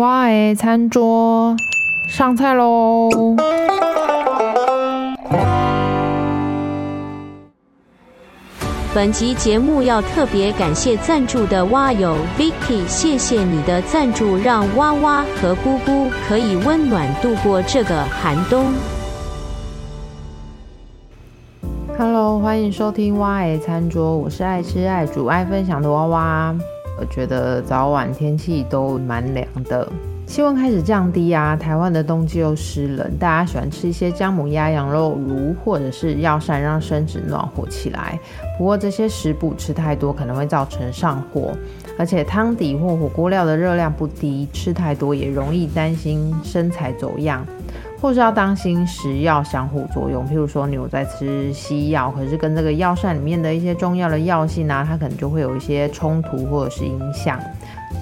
哇！的餐桌上菜嘍。本集節目要特別感謝贊助的蛙友 Vicky，謝謝你的贊助，讓蛙蛙和姑姑可以溫暖度過這個寒冬。Hello，歡迎收聽哇！的餐桌，我是愛吃、愛煮、愛分享的蛙蛙。我覺得早晚天氣都蠻涼的，氣溫開始降低啊。台灣的冬季又濕冷，大家喜歡吃一些薑母鴨、羊肉爐或者是藥膳，讓身子暖和起來。不過這些食補吃太多可能會造成上火，而且湯底或火鍋料的熱量不低，吃太多也容易擔心身材走樣。或是要當心食藥相互作用，譬如說你有在吃西藥，可是跟這個藥膳裡面的一些中藥的藥性啊，它可能就會有一些衝突或者是影響。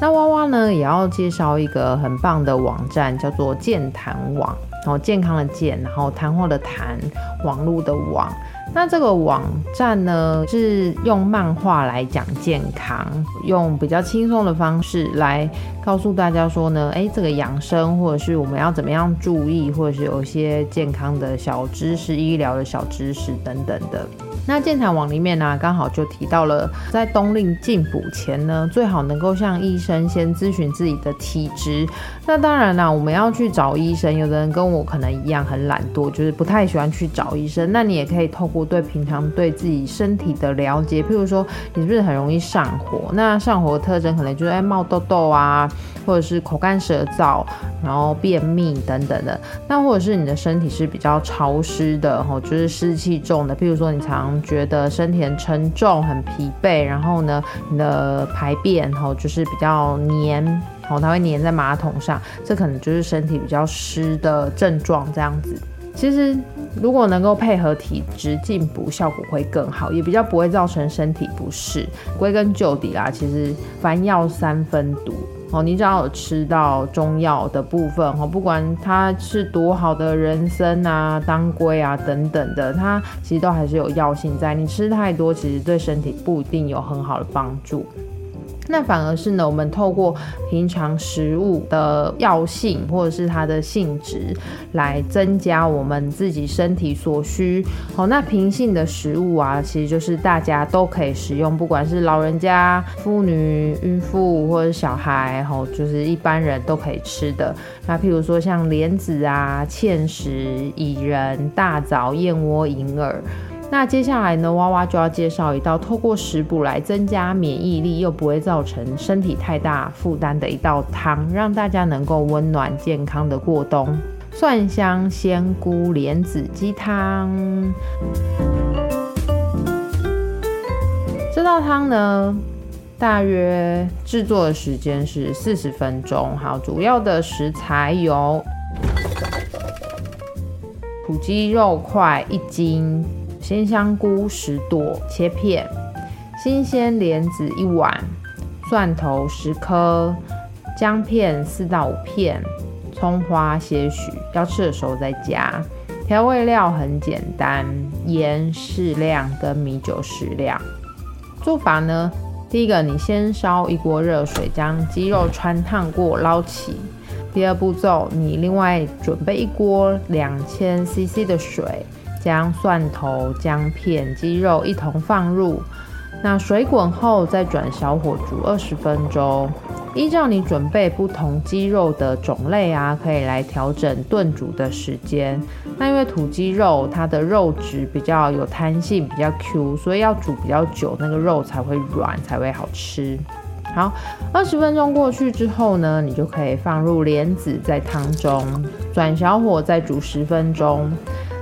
那娃娃呢，也要介紹一個很棒的網站，叫做健談網。然後健康的健，然後談話的談，網絡的網。那這個網站呢，是用漫畫來講健康，用比較輕鬆的方式來告訴大家說呢，哎，這個養生或者是我們要怎麼樣注意，或者是有一些健康的小知識、醫療的小知識等等的。那健談網裡面呢、啊，剛好就提到了，在冬令進補前呢，最好能夠向醫生先諮詢自己的體質。那當然啦，我們要去找醫生。有的人跟我可能一樣很懶惰，就是不太喜歡去找醫生。那你也可以透過對平常對自己身體的了解，譬如說你是不是很容易上火？那上火的特徵可能就是哎、欸、冒痘痘啊，或者是口乾舌燥，然後便秘等等的。那或者是你的身體是比較潮濕的哈，就是濕氣重的，譬如說你常覺得身體很沉重、很疲憊，然後呢，你的排便吼就是比較黏，吼它會黏在馬桶上，這可能就是身體比較濕的症狀這樣子。其實如果能夠配合體質進補，效果會更好，也比較不會造成身體不適。歸根究底啦、啊，其實凡藥三分毒。哦，你只要有吃到中藥的部分，哦，不管它是多好的人參啊、當歸啊等等的，它其實都還是有藥性在。你吃太多，其實對身體不一定有很好的幫助。那反而是呢，我們透過平常食物的藥性或者是它的性質，來增加我們自己身體所需。好，哦，那平性的食物啊，其實就是大家都可以食用，不管是老人家、婦女、孕婦或者小孩、哦，就是一般人都可以吃的。那譬如說像蓮子啊、芡實、薏仁、大棗、燕窩、銀耳。那接下來呢？娃娃就要介紹一道透過食補來增加免疫力又不會造成身體太大負擔的一道湯，讓大家能夠溫暖健康的過冬。蒜香鮮菇蓮子雞湯。這道湯呢，大約制作的時間是四十分鐘。好，主要的食材有土雞肉塊一斤。鮮香菇十朵切片，新鮮蓮子一碗，蒜頭十顆，薑片四到五片，蔥花些許，要吃的時候再加。調味料很簡單，鹽適量跟米酒適量。做法呢，第一個你先燒一鍋熱水，將雞肉汆燙過撈起。第二步驟，你另外準備一鍋兩千 CC 的水。將蒜頭、薑片、雞肉一同放入，那水滾後再轉小火煮二十分鐘。依照你準備不同雞肉的種類啊，可以來調整燉煮的時間。那因為土雞肉它的肉質比較有彈性，比較 Q，所以要煮比較久，那個肉才會軟，才會好吃。好，二十分鐘過去之後呢，你就可以放入蓮子在湯中，轉小火再煮十分鐘。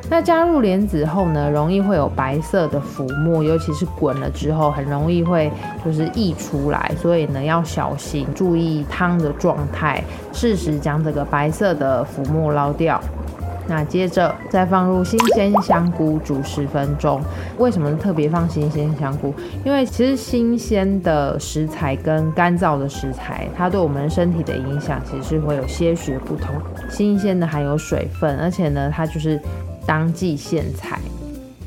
那加入蓮子後呢，容易會有白色的浮沫，尤其是滾了之後，很容易會就是溢出來，所以呢要小心注意湯的狀態，適時將這個白色的浮沫撈掉。那接着再放入新鮮香菇煮十分鐘。為什麼特別放新鮮香菇？因為其實新鮮的食材跟乾燥的食材，它對我們身體的影響其實是會有些許的不同。新鮮的含有水分，而且呢它就是。當季鮮菜。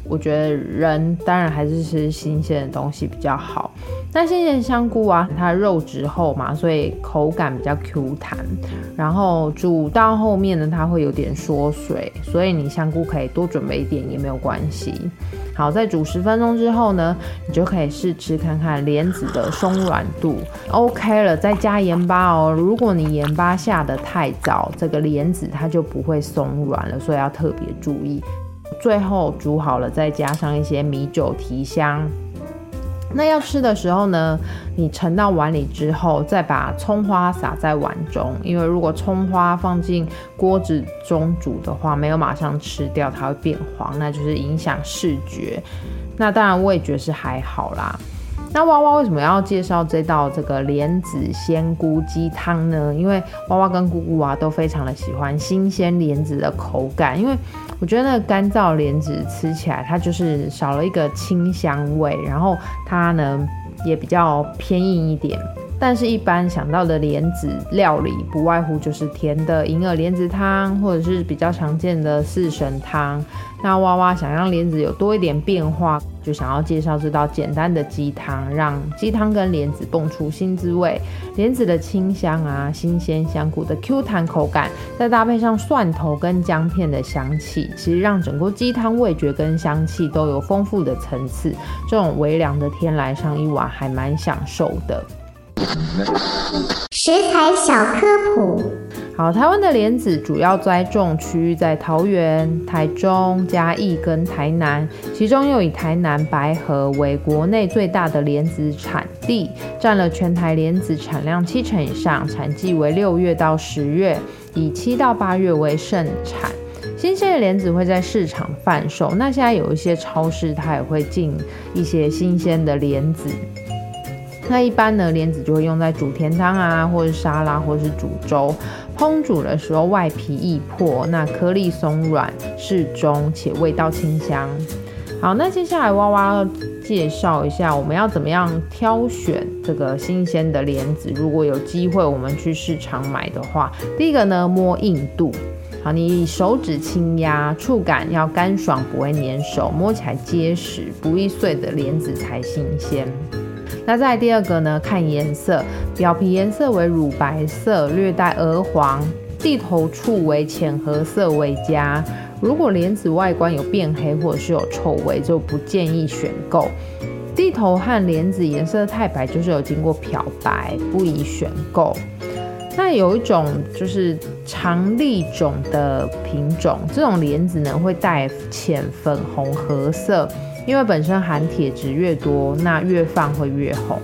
我覺得人當然還是吃新鮮的東西比較好。那新鮮香菇啊，它肉質厚嘛，所以口感比較 Q 彈。然後煮到後面呢，它會有點縮水，所以你香菇可以多準備一點也沒有關係。好，再煮十分鐘之後呢，你就可以試吃看看蓮子的鬆軟度，OK 了再加鹽巴哦、喔。如果你鹽巴下得太早，這個蓮子它就不會鬆軟了，所以要特別注意。最後煮好了，再加上一些米酒提香。那要吃的時候呢，你盛到碗裡之後，再把蔥花撒在碗中。因為如果蔥花放進鍋子中煮的話，沒有馬上吃掉，它會變黃，那就是影響視覺。那當然，味覺是還好啦。那蛙蛙為什麼要介紹這道這個蓮子鮮菇雞湯呢？因為蛙蛙跟咕咕啊都非常的喜歡新鮮蓮子的口感，因為我覺得那乾燥蓮子吃起來它就是少了一個清香味，然後它呢也比較偏硬一點。但是，一般想到的蓮子料理，不外乎就是甜的銀耳蓮子湯，或者是比較常見的四神湯。那娃娃想讓蓮子有多一點變化，就想要介紹這道簡單的雞湯，讓雞湯跟蓮子蹦出新滋味。蓮子的清香啊，新鮮香菇的 Q 彈口感，再搭配上蒜頭跟薑片的香氣，其實讓整個雞湯味覺跟香氣都有豐富的層次。這種微涼的天來上一碗，還蠻享受的。食材小科普。好，台灣的蓮子主要栽種區域在桃園、台中、嘉義跟台南，其中又以台南白河為國內最大的蓮子產地，佔了全台蓮子產量七成以上，產季為六月到十月，以七到八月為盛產。新鮮的蓮子會在市場販售，那現在有一些超市它也會進一些新鮮的蓮子。那一般呢，蓮子就會用在煮甜湯啊，或是沙拉，或是煮粥。烹煮的時候外皮易破，那顆粒鬆軟適中，且味道清香。好，那接下來蛙蛙要介紹一下，我們要怎麼樣挑選這個新鮮的蓮子。如果有機會我們去市場買的話，第一個呢，摸硬度。好，你手指輕壓，觸感要乾爽，不會粘手，摸起來結實不易碎的蓮子才新鮮。那再來第二個呢？看顏色，表皮顏色為乳白色，略帶鵝黃；地頭處為淺褐色為佳。如果蓮子外觀有變黑或者是有臭味，就不建議選購。地頭和蓮子顏色太白，就是有經過漂白，不宜選購。那有一種就是長粒種的品種，這種蓮子呢，會帶淺粉紅褐色。因為本身含鐵質越多，那越放會越紅。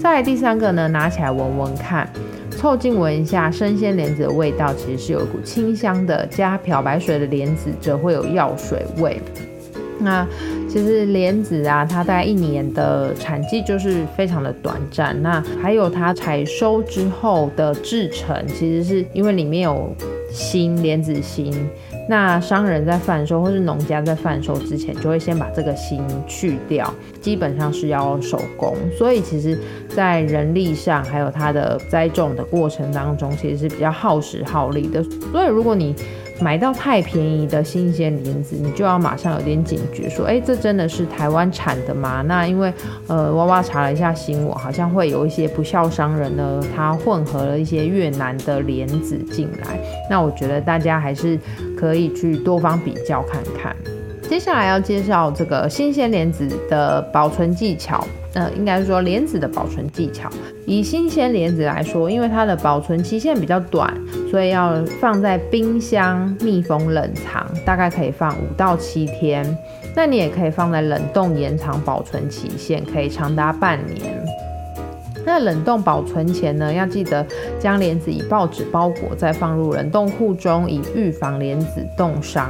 再第三個呢，拿起來聞聞看，湊近聞一下，生鮮蓮子的味道其實是有一股清香的，加漂白水的蓮子則會有藥水味。那其實蓮子啊，它大概一年的產季就是非常的短暫。那還有它採收之後的製程，其實是因為裡面有心蓮子心。那商人在販售，或是農家在販售之前，就會先把這個心去掉，基本上是要手工，所以其實，在人力上，還有它的栽種的過程當中，其實是比較耗時耗力的。所以，如果你買到太便宜的新鮮蓮子，你就要馬上有點警覺，說：哎，這真的是台灣產的嗎？那因為，呃，蛙蛙查了一下新聞，好像會有一些不肖商人呢，他混合了一些越南的蓮子進來。那我覺得大家還是可以去多方比較看看。接下來要介紹這個新鮮蓮子的保存技巧。呃，應該是說蓮子的保存技巧。以新鮮蓮子來說，因為它的保存期限比較短，所以要放在冰箱密封冷藏，大概可以放五到七天。那你也可以放在冷凍延長保存期限，可以長達半年。那冷凍保存前呢，要記得將蓮子以報紙包裹，再放入冷凍庫中，以預防蓮子凍傷。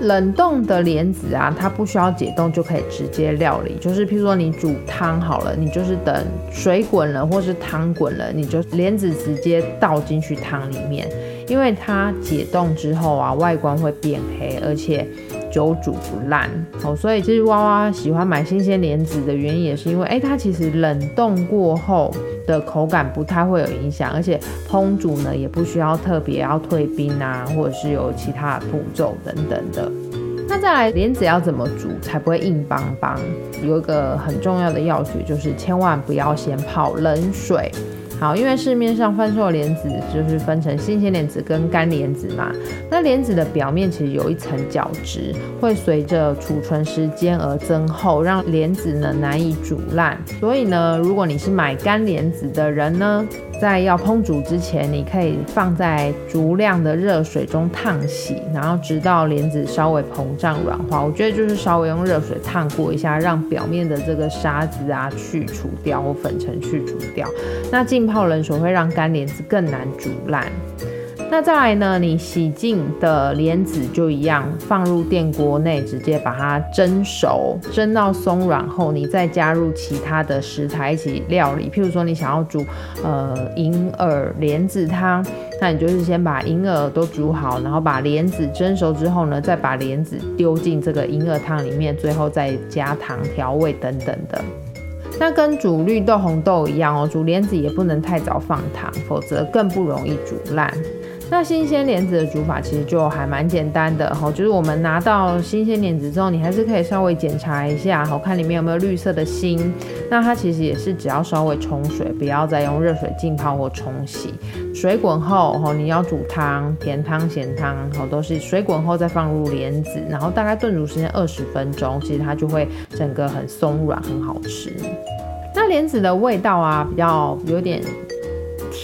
冷凍的蓮子啊，它不需要解凍就可以直接料理，就是譬如說你煮湯好了，你就是等水滾了或是湯滾了，你就蓮子直接倒進去湯裡面，因為它解凍之後啊，外觀會變黑，而且。久煮不爛，oh, 所以其實蛙蛙喜歡買新鮮蓮子的原因也是因為，欸、它其實冷凍過後的口感不太會有影響，而且烹煮呢也不需要特別要退冰啊，或者是有其他的步驟等等的。那再來，蓮子要怎麼煮才不會硬邦邦？有一個很重要的要訣就是，千萬不要先泡冷水。好，因為市面上販售的蓮子就是分成新鮮蓮子跟乾蓮子嘛。那蓮子的表面其實有一層角質，會隨着儲存時間而增厚，讓蓮子呢難以煮爛。所以呢，如果你是買乾蓮子的人呢？在要烹煮之前，你可以放在足量的熱水中燙洗，然後直到蓮子稍微膨脹軟化。我覺得就是稍微用熱水燙過一下，讓表面的這個沙子啊去除掉，粉塵去除掉。那浸泡冷水會讓乾蓮子更難煮爛。那再來呢？你洗淨的蓮子就一樣，放入電鍋內，直接把它蒸熟，蒸到鬆軟後，你再加入其他的食材一起料理。譬如說你想要煮呃銀耳蓮子湯，那你就是先把銀耳都煮好，然後把蓮子蒸熟之後呢，再把蓮子丟進這個銀耳湯裡面，最後再加糖調味等等的。那跟煮綠豆紅豆一樣哦，煮蓮子也不能太早放糖，否則更不容易煮爛。那新鮮蓮子的煮法其實就還蠻簡單的吼，就是我們拿到新鮮蓮子之後，你還是可以稍微檢查一下好，看裡面有沒有綠色的芯。那它其實也是只要稍微沖水，不要再用熱水浸泡或沖洗。水滾後吼，你要煮湯，甜湯、鹹湯，好，都是水滾後再放入蓮子，然後大概燉煮時間二十分鐘，其實它就會整個很鬆軟，很好吃。那蓮子的味道啊，比較有點。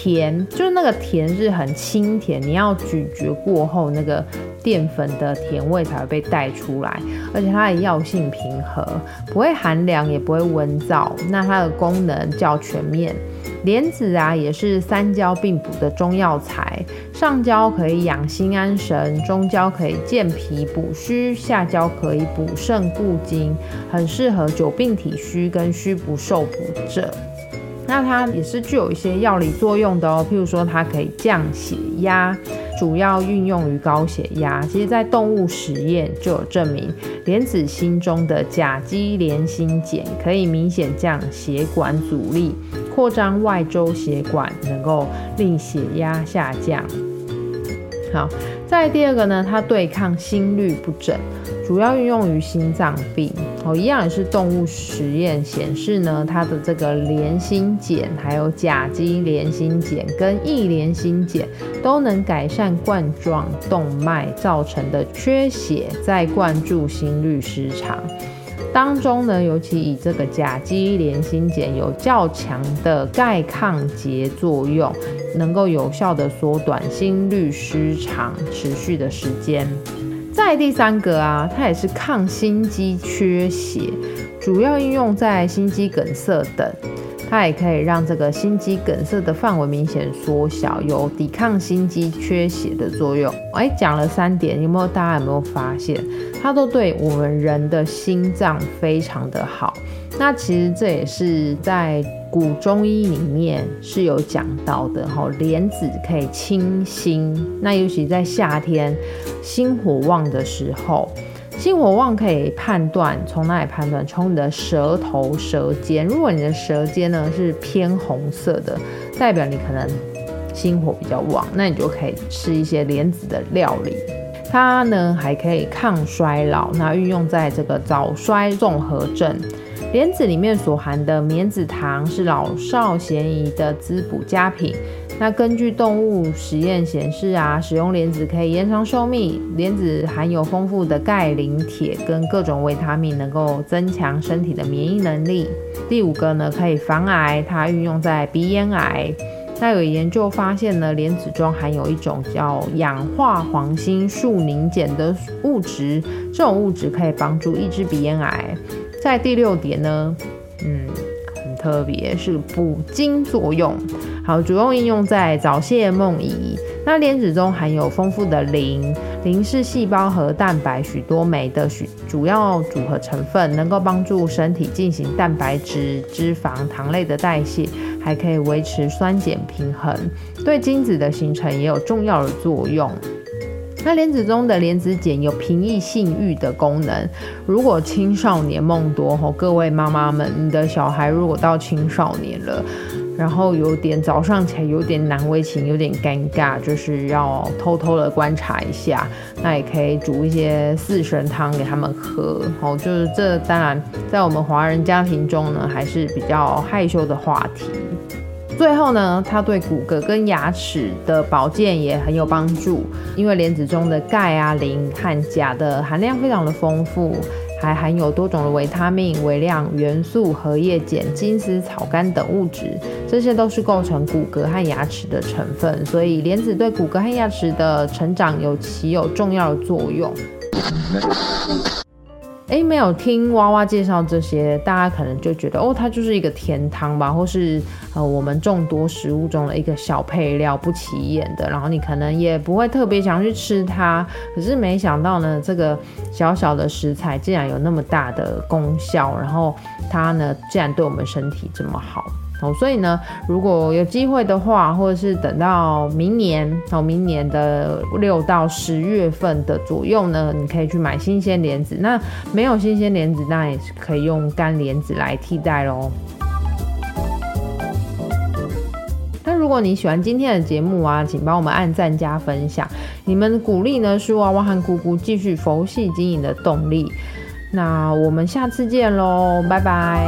甜就是那個甜是很清甜，你要咀嚼過後，那個澱粉的甜味才會被帶出來，而且它的藥性平和，不會寒涼，也不會溫燥。那它的功能較全面。蓮子啊，也是三焦並補的中藥材，上焦可以養心安神，中焦可以健脾補虛，下焦可以補腎固精，很適合久病體虛跟虛不受補者。那它也是具有一些藥理作用的哦，譬如說它可以降血壓，主要運用於高血壓。其實在動物實驗就有證明，蓮子心中的甲基蓮心鹼可以明顯降血管阻力，擴張外周血管，能夠令血壓下降。好。再第二個呢，它對抗心律不整，主要運用於心臟病。哦，一樣也是動物實驗顯示呢，它的這個連心鹼，還有甲基連心鹼跟異連心鹼，都能改善冠狀動脈造成的缺血再灌注心律失常。當中呢，尤其以這個甲基蓮心鹼有較強的鈣抗結作用，能夠有效的縮短心律失常持續的時間。再第三個啊，它也是抗心肌缺血，主要應用在心肌梗塞等。它也可以讓這個心肌梗塞的範圍明顯縮小，有抵抗心肌缺血的作用。誒、欸，講了三點，有沒有大家有沒有發現？它都對我們人的心臟非常的好。那其實這也是在古中醫裡面是有講到的吼，蓮子可以清心。那尤其在夏天心火旺的時候。心火旺可以判斷，從哪裡判斷？從你的舌頭、舌尖。如果你的舌尖呢是偏紅色的，代表你可能心火比較旺，那你就可以吃一些蓮子的料理。它呢還可以抗衰老，那運用在這個早衰綜合症。蓮子裡面所含的棉子糖是老少咸宜的滋補佳品。那根據動物實驗顯示啊，使用蓮子可以延長壽命。蓮子含有豐富的鈣、磷、鐵跟各種維他命，能夠增強身體的免疫能力。第五個呢，可以防癌，它運用在鼻咽癌。那有研究發現呢，蓮子中含有一種叫氧化黃心樹寧鹼的物質，這種物質可以幫助抑制鼻咽癌。在第六點呢，嗯。特別是補精作用好，主要應用在早泄、夢遺。那蓮子中含有豐富的磷，磷是細胞和蛋白許多酶的主要組合成分，能夠幫助身體進行蛋白質、脂肪、糖類的代謝，還可以維持酸鹼平衡，對精子的形成也有重要的作用。那蓮子中的蓮子鹼有平抑性慾的功能。如果青少年夢多吼，各位媽媽們，你的小孩如果到青少年了，然後有點早上起來有點難為情，有點尷尬，就是要偷偷的觀察一下，那也可以煮一些四神湯給他們喝。哦，就是這當然在我們華人家庭中呢，還是比較害羞的話題。最後呢，它對骨骼跟牙齒的保健也很有幫助，因為蓮子中的鈣啊、磷和鉀的含量非常的豐富，還含有多種的維他命、微量元素、荷葉鹼、金絲草苷等物質，這些都是構成骨骼和牙齒的成分，所以蓮子對骨骼和牙齒的成長有起有重要的作用。 欸，沒有聽蛙蛙介紹這些，大家可能就覺得哦，它就是一個甜湯吧，或是呃我們眾多食物中的一個小配料，不起眼的，然後你可能也不會特別想去吃它。可是沒想到呢，這個小小的食材竟然有那麼大的功效，然後它呢，竟然對我們身體這麼好。哦、所以呢，如果有機會的話，或者是等到明年，從、哦、明年的六到十月份的左右呢，你可以去買新鮮蓮子。那沒有新鮮蓮子，那也是可以用乾蓮子來替代嘍。嗯、那如果你喜歡今天的節目啊，請幫我們按讚加分享，你們的鼓勵呢，是蛙蛙和姑姑繼續佛系經營的動力。那我們下次見嘍，拜拜。